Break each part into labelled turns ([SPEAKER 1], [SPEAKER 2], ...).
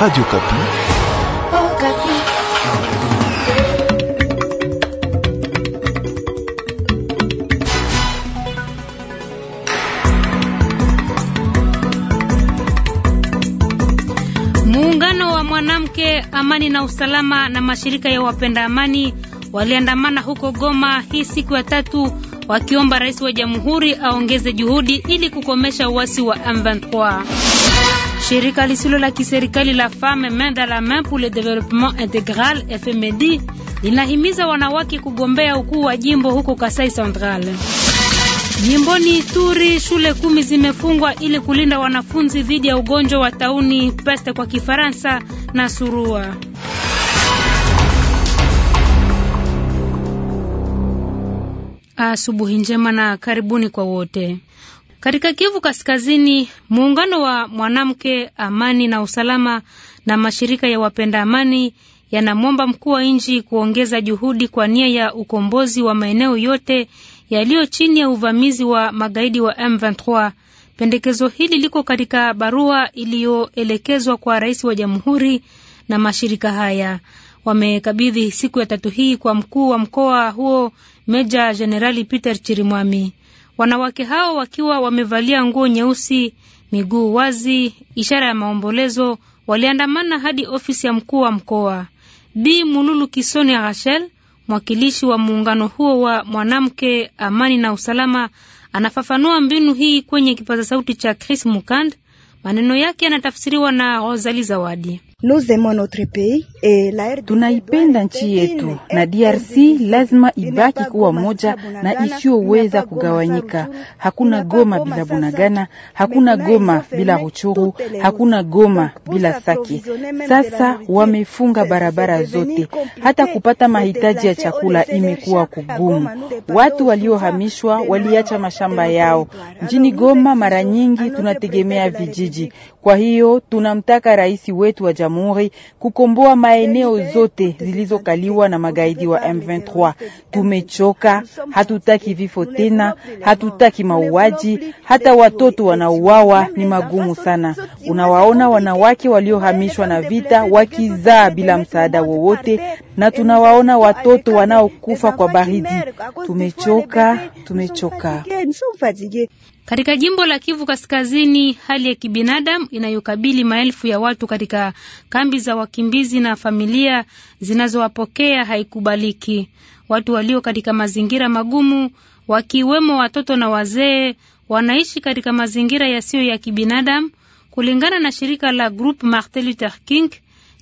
[SPEAKER 1] Radio Kapi. Oh, Kapi.
[SPEAKER 2] Muungano wa mwanamke amani na usalama na mashirika ya wapenda amani waliandamana huko Goma hii siku ya tatu wakiomba rais wa jamhuri aongeze juhudi ili kukomesha uasi wa M23. Shirika lisilo la kiserikali la Femme Main dans la Main pour le Développement Intégral FMD linahimiza wanawake kugombea ukuu wa jimbo huko Kasai Central. Jimboni Ituri shule kumi zimefungwa ili kulinda wanafunzi dhidi ya ugonjwa wa tauni peste kwa Kifaransa na surua. Asubuhi njema na karibuni kwa wote. Katika Kivu Kaskazini, muungano wa mwanamke amani na usalama na mashirika ya wapenda amani yanamwomba mkuu wa nchi kuongeza juhudi kwa nia ya ukombozi wa maeneo yote yaliyo chini ya uvamizi wa magaidi wa M23. Pendekezo hili liko katika barua iliyoelekezwa kwa rais wa jamhuri na mashirika haya wamekabidhi siku ya tatu hii kwa mkuu wa mkoa huo Meja Jenerali Peter Chirimwami wanawake hao wakiwa wamevalia nguo nyeusi, miguu wazi, ishara ya maombolezo, waliandamana hadi ofisi ya mkuu wa mkoa. Bi Mululu Kisoni Rachel, mwakilishi wa muungano huo wa mwanamke, amani na usalama, anafafanua mbinu hii kwenye kipaza sauti cha Chris Mukand. Maneno yake yanatafsiriwa na Rosali Zawadi. Tunaipenda nchi yetu na DRC lazima ibaki kuwa moja na isiyoweza kugawanyika. Hakuna Goma bila Bunagana, hakuna Goma bila Ruchuru, hakuna Goma bila Sake. Sasa wamefunga barabara zote, hata kupata
[SPEAKER 3] mahitaji ya chakula imekuwa kugumu. Watu waliohamishwa waliacha mashamba
[SPEAKER 2] yao. Mjini Goma mara nyingi tunategemea vijiji kwa hiyo tunamtaka rais wetu wa jamhuri kukomboa maeneo zote zilizokaliwa na magaidi wa M23. Tumechoka, hatutaki vifo tena, hatutaki mauaji, hata watoto wanauawa, ni magumu sana. Unawaona
[SPEAKER 3] wanawake waliohamishwa na vita wakizaa bila msaada wowote, na tunawaona watoto wanaokufa kwa baridi. Tumechoka, tumechoka.
[SPEAKER 2] Katika jimbo la Kivu Kaskazini, hali ya kibinadamu inayokabili maelfu ya watu katika kambi za wakimbizi na familia zinazowapokea haikubaliki. Watu walio katika mazingira magumu, wakiwemo watoto na wazee, wanaishi katika mazingira yasiyo ya kibinadamu, kulingana na shirika la Group Martin Luther King,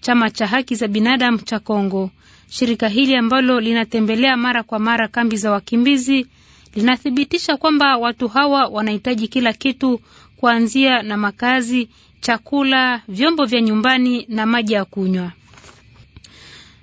[SPEAKER 2] chama cha haki za binadamu cha Kongo. Shirika hili ambalo linatembelea mara kwa mara kambi za wakimbizi linathibitisha kwamba watu hawa wanahitaji kila kitu kuanzia na makazi, chakula, vyombo vya nyumbani na maji ya kunywa.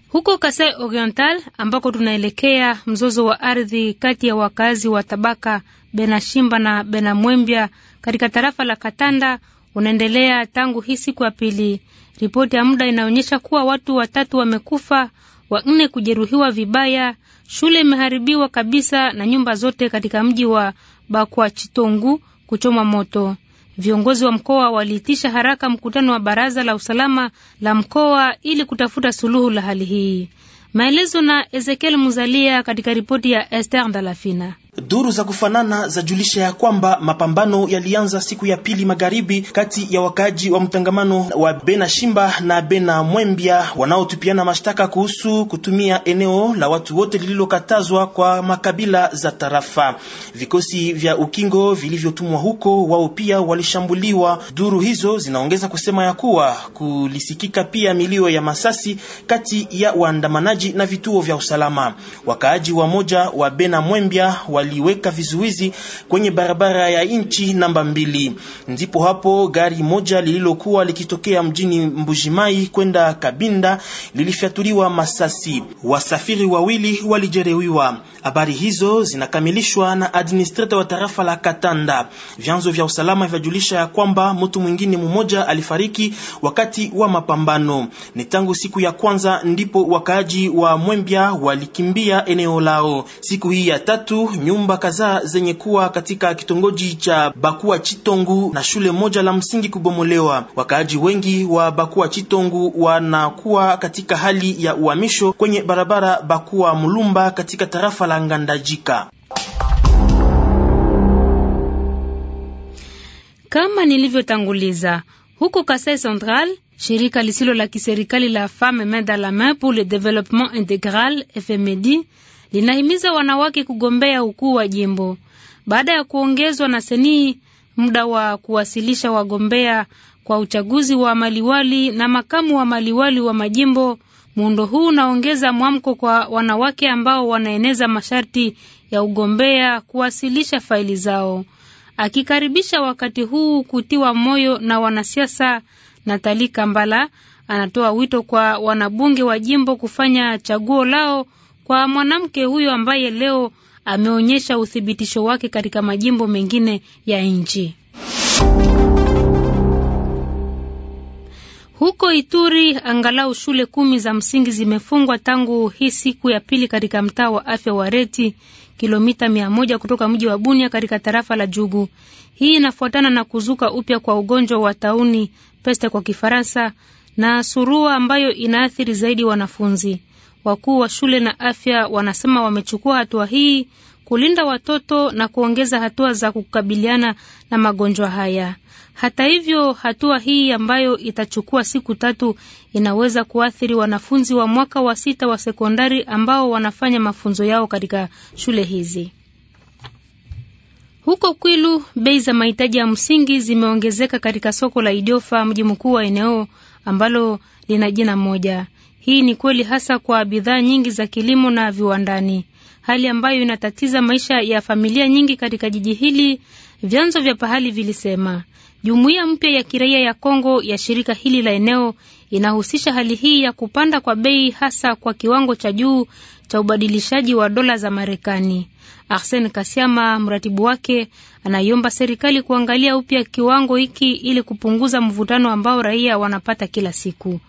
[SPEAKER 2] Huko Kasai Oriental ambako tunaelekea, mzozo wa ardhi kati ya wakazi wa tabaka Benashimba na Benamwembya katika tarafa la Katanda unaendelea tangu hii siku ya pili. Ripoti ya muda inaonyesha kuwa watu watatu wamekufa wanne kujeruhiwa vibaya, shule imeharibiwa kabisa na nyumba zote katika mji wa Bakwa Chitongu kuchoma moto. Viongozi wa mkoa waliitisha haraka mkutano wa baraza la usalama la mkoa ili kutafuta suluhu la hali hii. Maelezo na Ezekiel Muzalia katika ripoti ya Esther Ndalafina.
[SPEAKER 3] Duru za kufanana za julisha ya kwamba mapambano yalianza siku ya pili magharibi kati ya wakaaji wa mtangamano wa Bena Shimba na Bena Mwembia wanaotupiana mashtaka kuhusu kutumia eneo la watu wote lililokatazwa kwa makabila za tarafa. Vikosi vya ukingo vilivyotumwa huko wao pia walishambuliwa. Duru hizo zinaongeza kusema ya kuwa kulisikika pia milio ya masasi kati ya waandamanaji maji na vituo vya usalama. Wakaaji wa moja wa Bena Mwembya waliweka vizuizi kwenye barabara ya inchi namba mbili. Ndipo hapo gari moja lililokuwa likitokea mjini Mbujimai kwenda Kabinda lilifyatuliwa masasi. Wasafiri wawili walijeruhiwa. Habari hizo zinakamilishwa na administrator wa tarafa la Katanda. Vyanzo vya usalama vyajulisha ya kwamba mtu mwingine mmoja alifariki wakati wa mapambano. Ni tangu siku ya kwanza ndipo wakaaji wa Mwembya walikimbia eneo lao. Siku hii ya tatu, nyumba kadhaa zenye kuwa katika kitongoji cha Bakua Chitongu na shule moja la msingi kubomolewa. Wakaaji wengi wa Bakua Chitongu wanakuwa katika hali ya uhamisho kwenye barabara Bakua Mulumba katika tarafa la Ngandajika.
[SPEAKER 2] Kama nilivyotanguliza huko Kasai Central Shirika lisilo la kiserikali la Femme Main dans la Main pour le Développement Integral FMD linahimiza wanawake kugombea ukuu wa jimbo baada ya kuongezwa na seni muda wa kuwasilisha wagombea kwa uchaguzi wa maliwali na makamu wa maliwali wa majimbo. Muundo huu unaongeza mwamko kwa wanawake ambao wanaeneza masharti ya ugombea kuwasilisha faili zao. Akikaribisha wakati huu kutiwa moyo na wanasiasa, Natali Kambala anatoa wito kwa wanabunge wa jimbo kufanya chaguo lao kwa mwanamke huyo ambaye leo ameonyesha uthibitisho wake katika majimbo mengine ya nchi. Huko Ituri, angalau shule kumi za msingi zimefungwa tangu hii siku ya pili katika mtaa wa afya wa Reti, kilomita mia moja kutoka mji wa Bunia katika tarafa la Jugu. Hii inafuatana na kuzuka upya kwa ugonjwa wa tauni pesta kwa Kifaransa na surua ambayo inaathiri zaidi wanafunzi. Wakuu wa shule na afya wanasema wamechukua hatua hii kulinda watoto na kuongeza hatua za kukabiliana na magonjwa haya. Hata hivyo, hatua hii ambayo itachukua siku tatu inaweza kuathiri wanafunzi wa mwaka wa sita wa sekondari ambao wanafanya mafunzo yao katika shule hizi. Huko Kwilu, bei za mahitaji ya msingi zimeongezeka katika soko la Idiofa, mji mkuu wa eneo ambalo lina jina moja. Hii ni kweli hasa kwa bidhaa nyingi za kilimo na viwandani, hali ambayo inatatiza maisha ya familia nyingi katika jiji hili, vyanzo vya pahali vilisema. Jumuiya mpya ya kiraia ya Kongo ya shirika hili la eneo inahusisha hali hii ya kupanda kwa bei hasa kwa kiwango cha juu cha ubadilishaji wa dola za Marekani. Arsen Kasiama, mratibu wake, anaiomba serikali kuangalia upya kiwango hiki ili kupunguza mvutano ambao raia wanapata kila siku.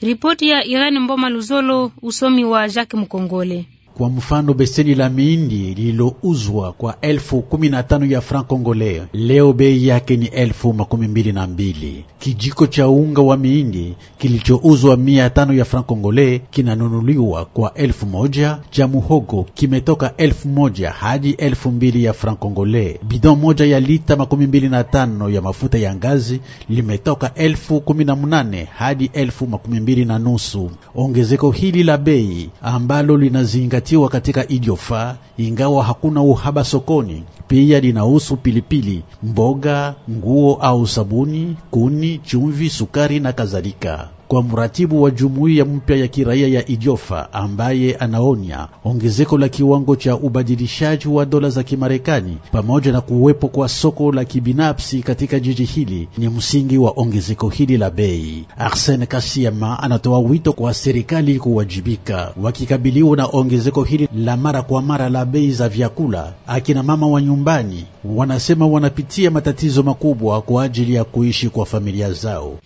[SPEAKER 2] Ripoti ya Irene Mboma Luzolo, usomi wa Jacques Mkongole.
[SPEAKER 4] Kwa mfano, beseni la miindi lililouzwa kwa elfu kumi na tano ya franc congolais leo bei yake ni elfu makumi mbili na mbili. Kijiko cha unga wa miindi kilichouzwa mia tano ya franc congolais kinanunuliwa kwa elfu moja. Cha muhogo kimetoka elfu moja hadi elfu mbili ya franc congolais. Bidon moja ya lita makumi mbili na tano ya mafuta ya ngazi limetoka elfu kumi na mnane hadi elfu makumi mbili na nusu. Ongezeko hili la bei ambalo linazinga limezingatiwa katika Idiofa ingawa hakuna uhaba sokoni. Pia linahusu pilipili, mboga, nguo au sabuni, kuni, chumvi, sukari na kadhalika kwa mratibu wa jumuiya mpya ya kiraia ya Ijofa ambaye anaonya ongezeko la kiwango cha ubadilishaji wa dola za Kimarekani pamoja na kuwepo kwa soko la kibinafsi katika jiji hili ni msingi wa ongezeko hili la bei. Arsene Kasiema anatoa wito kwa serikali kuwajibika wakikabiliwa na ongezeko hili la mara kwa mara la bei za vyakula. Akina mama wa nyumbani wanasema wanapitia matatizo makubwa kwa ajili ya kuishi kwa familia zao.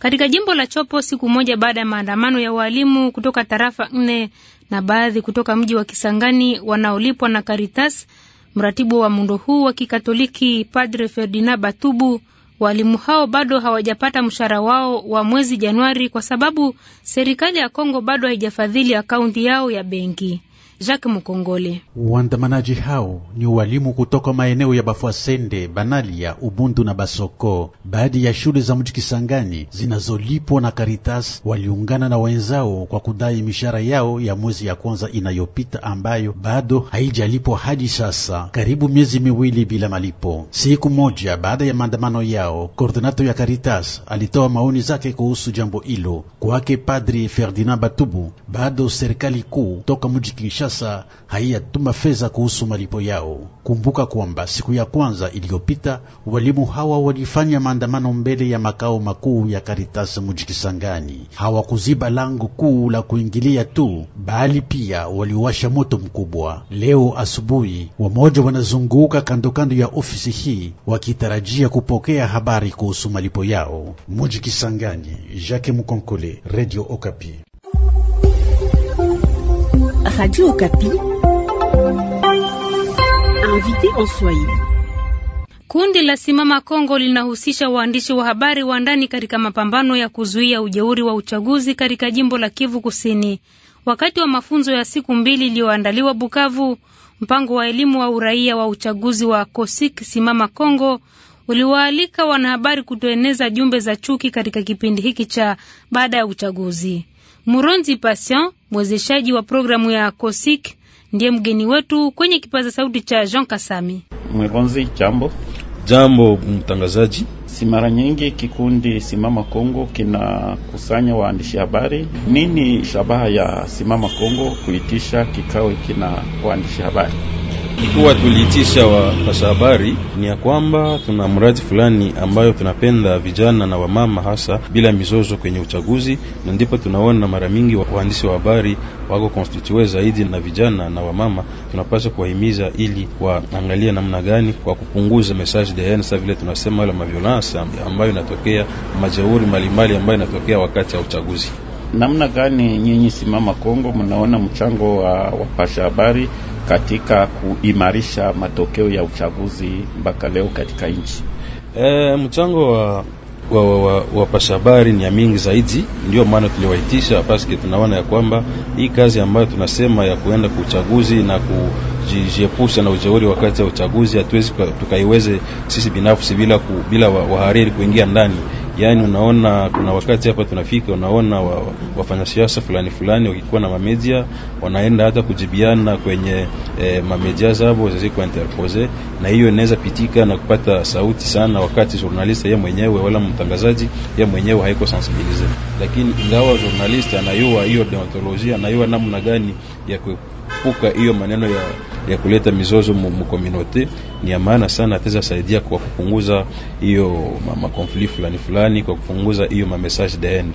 [SPEAKER 2] Katika jimbo la Chopo, siku moja baada ya maandamano ya walimu kutoka tarafa nne na baadhi kutoka mji wa Kisangani wanaolipwa na Caritas, mratibu wa muundo huu wa Kikatoliki Padre Ferdinand Batubu, walimu hao bado hawajapata mshahara wao wa mwezi Januari kwa sababu serikali ya Kongo bado haijafadhili akaunti yao ya benki. Jacques Mukongole.
[SPEAKER 4] Waandamanaji hao ni walimu kutoka maeneo ya Bafwasende, Banalia, Ubundu na Basoko. Baadhi ya shule za mji Kisangani zinazolipwa na Caritas waliungana na wenzao kwa kudai mishahara yao ya mwezi ya kwanza inayopita ambayo bado haijalipwa hadi sasa, karibu miezi miwili bila malipo. Siku moja baada ya maandamano yao, koordinato ya Caritas alitoa maoni zake kuhusu jambo hilo. Kwake Padri Ferdinand Batubu, bado serikali kuu toka mji Kinshasa sasa haiyatuma fedha kuhusu malipo yao. Kumbuka kwamba siku ya kwanza iliyopita walimu hawa walifanya maandamano mbele ya makao makuu ya Caritas kisangani Hawakuziba lango kuu la kuingilia tu, bali pia waliwasha moto mkubwa. Leo asubuhi, wamoja wanazunguka kandokando ya ofisi hii wakitarajia kupokea habari kuhusu malipo yao. Mujikisangani, Jacques Mukonkole, Radio Okapi. Radio Okapi.
[SPEAKER 2] Invité en Swahili. Kundi la Simama Kongo linahusisha waandishi wa habari wa ndani katika mapambano ya kuzuia ujeuri wa uchaguzi katika jimbo la Kivu Kusini. Wakati wa mafunzo ya siku mbili iliyoandaliwa Bukavu, mpango wa elimu wa uraia wa uchaguzi wa Kosik Simama Kongo uliwaalika wanahabari kutoeneza jumbe za chuki katika kipindi hiki cha baada ya uchaguzi. Muronzi Patient, mwezeshaji wa programu ya COSIC, ndiye mgeni wetu kwenye kipaza sauti cha Jean Kasami.
[SPEAKER 5] Muronzi, jambo. Jambo mtangazaji. Si mara nyingi kikundi Simama Kongo kinakusanya waandishi habari. Nini shabaha ya Simama Kongo kuitisha kikao hiki na waandishi habari? kuwa tuliitisha wapasha habari
[SPEAKER 6] ni ya kwamba tuna mradi fulani ambayo tunapenda vijana na wamama hasa bila mizozo kwenye uchaguzi, na ndipo tunaona mara mingi waandishi wa habari wako konstitue zaidi na vijana na wamama. Tunapaswa kuwahimiza ili waangalie namna gani kwa kupunguza message de haine, vile tunasema wala maviolansa ambayo inatokea majeuri mbalimbali ambayo inatokea wakati ya uchaguzi
[SPEAKER 5] namna gani nyinyi Simama Kongo mnaona mchango wa wapasha habari katika kuimarisha matokeo ya uchaguzi mpaka leo katika nchi? E, mchango wa wapasha wa, wa, wa habari ni
[SPEAKER 6] ya mingi zaidi, ndio maana tuliwaitisha paske tunaona ya kwamba hii kazi ambayo tunasema ya kuenda kwa uchaguzi na kujiepusha na ujeuri wakati wa uchaguzi hatuwezi tukaiweze sisi binafsi bila, ku, bila wahariri wa kuingia ndani yani unaona kuna wakati hapa tunafika, unaona wa, siasa fulani fulani wakikuwa na mamedia wanaenda hata kujibiana kwenye eh, mamedia zao ziko interpose, na hiyo inaweza pitika na kupata sauti sana, wakati journalist yeye mwenyewe wala mtangazaji yeye mwenyewe haiko sensibilize. Lakini ingawa journalist anayua hiyo deontolojia, anayua namna gani ya kuepuka hiyo maneno ya ya kuleta mizozo community ni ya maana sana, ataweza
[SPEAKER 5] saidia kwa kupunguza hiyo conflict fulani fulani, kwa kupunguza hiyo mamessage dn.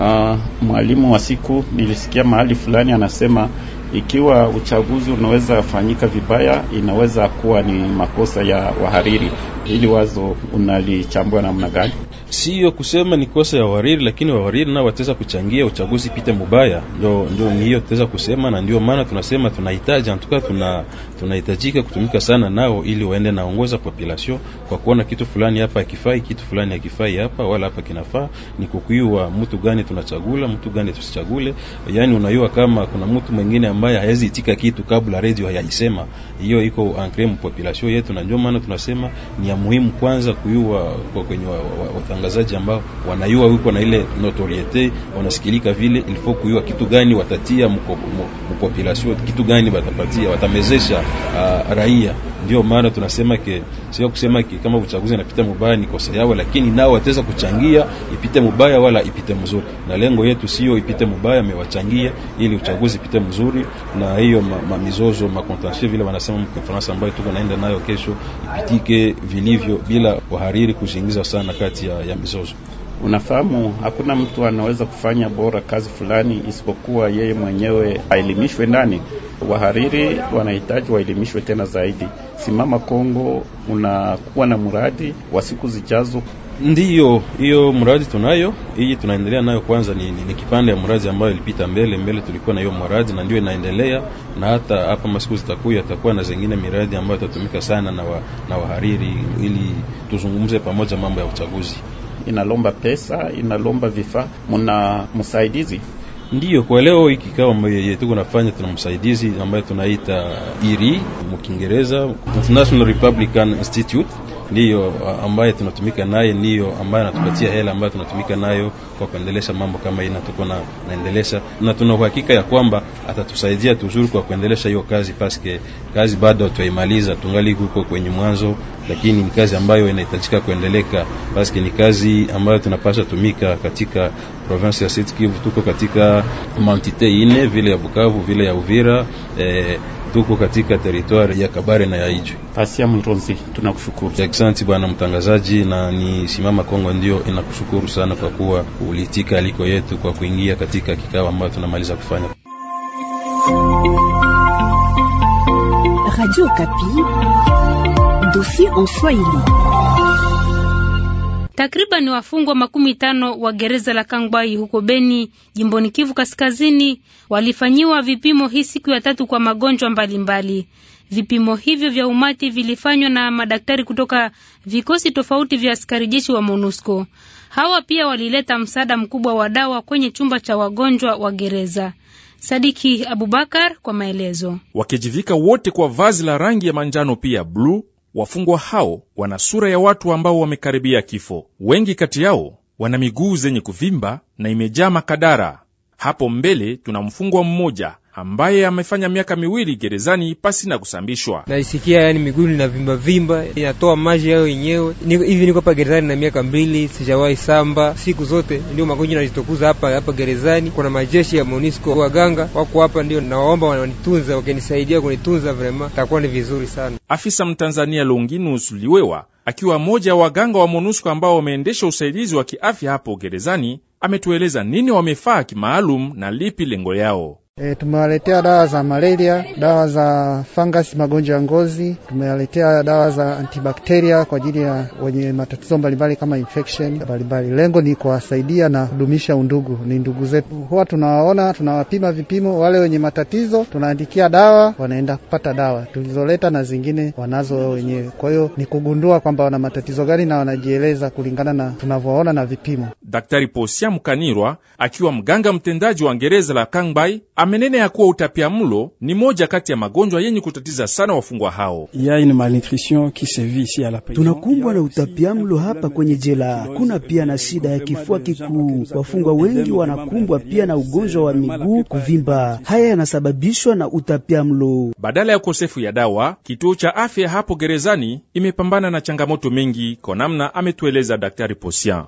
[SPEAKER 5] Uh, ah, mwalimu wa siku nilisikia mahali fulani anasema ikiwa uchaguzi unaweza fanyika vibaya, inaweza kuwa ni makosa ya wahariri. ili wazo unalichambua namna gani?
[SPEAKER 6] Siyo kusema ni kosa ya wariri, lakini wariri nao wataweza kuchangia uchaguzi pite mubaya. Ndio, ndio ni hiyo tutaweza kusema, na ndio maana tunasema tunahitaji antuka, tuna tunahitajika kutumika sana nao, ili waende naongoza population kwa kuona kitu fulani hapa akifai, kitu fulani akifai hapa wala hapa kinafaa. Ni kukuiwa mtu gani tunachagula, mtu gani tusichagule. Yani unaiwa kama kuna mtu mwingine ambaye hawezi itika kitu kabla radio hayaisema, hiyo iko ancré population yetu, na ndio maana tunasema ni ya muhimu kwanza kuiwa kwa kwenye wa, wa, wa, wa, watangazaji ambao wanayua wiko na ile notoriete, wanasikilika vile ilifo kuyua kitu gani watatia mpopulasio, kitu gani watapatia, watamezesha uh, raia ndio maana tunasema ke sio kusema ke kama uchaguzi unapita mubaya ni kosa yao, lakini nao wataweza kuchangia ipite mubaya wala ipite mzuri, na lengo yetu sio ipite mubaya, amewachangia ili uchaguzi ipite mzuri, na hiyo mamizozo ma makontansie vile wanasema mkonferansi ambayo tuko naenda nayo kesho ipitike
[SPEAKER 5] vilivyo bila wahariri kujiingiza sana kati ya, ya mizozo. Unafahamu, hakuna mtu anaweza kufanya bora kazi fulani isipokuwa yeye mwenyewe aelimishwe ndani. Wahariri wanahitaji waelimishwe tena zaidi. Simama Kongo unakuwa na mradi wa siku zijazo.
[SPEAKER 6] Ndiyo, hiyo mradi tunayo, hii tunaendelea nayo. Kwanza ni, ni, ni kipande ya mradi ambayo ilipita mbele mbele, tulikuwa na hiyo mradi na ndio inaendelea, na hata hapa masiku zitakuya atakuwa na zingine miradi ambayo itatumika sana na, wa, na wahariri ili tuzungumze pamoja mambo ya uchaguzi inalomba pesa, inalomba vifaa, muna msaidizi ndio kwa leo hii kikao yetu nafanya, tuna msaidizi ambaye tunaita IRI Kiingereza, International Republican Institute ndiyo ambaye tunatumika naye, ndiyo ambaye anatupatia hela ambayo tunatumika nayo kwa kuendelesha mambo kama hii, na tuko na naendelesha na tuna uhakika ya kwamba atatusaidia tuzuri kwa kuendelesha hiyo kazi, paske kazi bado tuaimaliza, tungali huko kwenye mwanzo, lakini ni kazi ambayo inahitajika kuendeleka, paske ni kazi ambayo tunapasha tumika katika province ya Sud Kivu. Tuko katika mantite ine, vile ya Bukavu, vile ya Uvira eh, tuko katika teritwari ya Kabare na ya Ijwi. Asia Mtonzi, tunakushukuru asante bwana mtangazaji, na ni simama Kongo ndio inakushukuru sana kwa kuwa ulitika aliko yetu kwa kuingia katika kikao ambayo tunamaliza kufanya.
[SPEAKER 2] Radio Kapi, dossier en Swahili. Takriban wafungwa makumi tano wa gereza la kangwai huko Beni, jimboni Kivu Kaskazini, walifanyiwa vipimo hii siku ya tatu kwa magonjwa mbalimbali mbali. Vipimo hivyo vya umati vilifanywa na madaktari kutoka vikosi tofauti vya askari jeshi wa MONUSCO. Hawa pia walileta msaada mkubwa wa dawa kwenye chumba cha wagonjwa wa gereza. Sadiki Abubakar kwa maelezo.
[SPEAKER 1] Wakijivika wote kwa vazi la rangi ya manjano pia bluu Wafungwa hao wana sura ya watu ambao wamekaribia kifo. Wengi kati yao wana miguu zenye kuvimba na imejaa makadara. Hapo mbele tuna mfungwa mmoja ambaye amefanya miaka miwili gerezani pasi na kusambishwa. Naisikia yani miguu na vimba vimba, inatoa
[SPEAKER 3] maji yao yenyewe hivi. Niko hapa gerezani na miaka mbili, sijawahi samba. Siku zote ndio magonjwa najitukuza hapa hapa gerezani. Kuna majeshi ya Monisco, waganga wako hapa, ndio nawaomba wanitunza,
[SPEAKER 1] wakinisaidia kunitunza vrema, takuwa ni vizuri sana. Afisa Mtanzania Longinus Liwewa akiwa mmoja wa waganga wa MONUSCO ambao wameendesha usaidizi wa kiafya hapo gerezani, ametueleza nini wamefaa kimaalum na lipi lengo yao.
[SPEAKER 4] E, tumewaletea dawa za malaria, dawa za fangasi, magonjwa ya ngozi, tumewaletea dawa za antibakteria kwa ajili ya wenye matatizo mbalimbali kama infection mbalimbali. Lengo ni kuwasaidia na kudumisha undugu, ni ndugu zetu, huwa tunawaona, tunawapima vipimo. Wale wenye matatizo tunaandikia dawa, wanaenda kupata dawa tulizoleta na zingine wanazo wenyewe. Kwa hiyo ni kugundua kwamba wana matatizo gani na wanajieleza kulingana na tunavyoona na vipimo.
[SPEAKER 1] Daktari Posia Mkanirwa akiwa mganga mtendaji wa ngereza la Kangbai amenene ya kuwa utapia mlo ni moja kati ya magonjwa yenye kutatiza sana wafungwa hao.
[SPEAKER 3] Tunakumbwa na utapia mlo hapa kwenye jela, kuna pia na shida ya kifua kikuu. Wafungwa wengi wanakumbwa pia na ugonjwa wa miguu kuvimba, haya yanasababishwa na utapia mlo.
[SPEAKER 1] Badala ya ukosefu ya dawa, kituo cha afya hapo gerezani imepambana na changamoto mengi, kwa namna ametueleza Daktari Posian.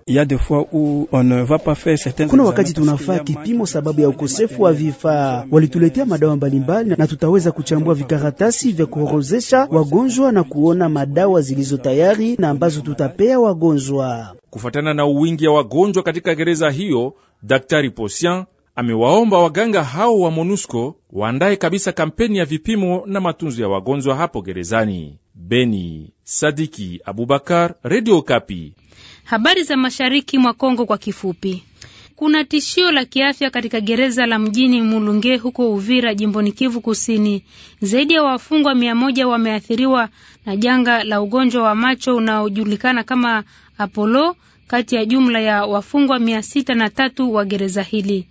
[SPEAKER 3] Kuna wakati tunafaa kipimo sababu ya ukosefu wa vifaa Walituletea madawa mbalimbali na tutaweza kuchambua vikaratasi vya kuorozesha wagonjwa na kuona madawa zilizo tayari na ambazo tutapea wagonjwa
[SPEAKER 1] kufuatana na uwingi wa wagonjwa katika gereza hiyo. Daktari Posian amewaomba waganga hao wa MONUSCO waandaye kabisa kampeni ya vipimo na matunzo ya wagonjwa hapo gerezani. Beni Sadiki Abubakar, Radio Kapi.
[SPEAKER 2] Habari za mashariki mwa Kongo kwa kifupi. Kuna tishio la kiafya katika gereza la mjini Mulunge huko Uvira jimboni Kivu Kusini. Zaidi ya wafungwa mia moja wameathiriwa na janga la ugonjwa wa macho unaojulikana kama Apollo kati ya jumla ya wafungwa mia sita na tatu wa gereza hili.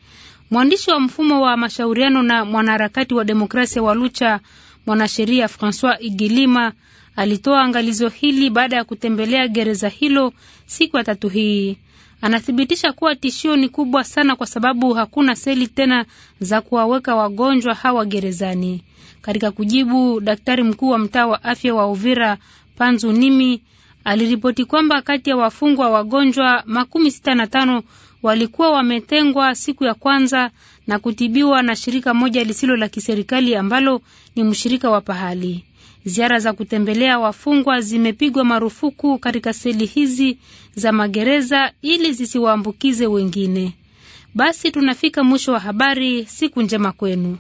[SPEAKER 2] Mwandishi wa mfumo wa mashauriano na mwanaharakati wa demokrasia wa Lucha, mwanasheria Francois Igilima alitoa angalizo hili baada ya kutembelea gereza hilo siku ya tatu hii. Anathibitisha kuwa tishio ni kubwa sana kwa sababu hakuna seli tena za kuwaweka wagonjwa hawa gerezani. Katika kujibu, daktari mkuu wa mtaa wa afya wa Uvira Panzu Nimi aliripoti kwamba kati ya wafungwa wagonjwa makumi sita na tano walikuwa wametengwa siku ya kwanza na kutibiwa na shirika moja lisilo la kiserikali ambalo ni mshirika wa pahali. Ziara za kutembelea wafungwa zimepigwa marufuku katika seli hizi za magereza ili zisiwaambukize wengine. Basi tunafika mwisho wa habari. Siku njema kwenu.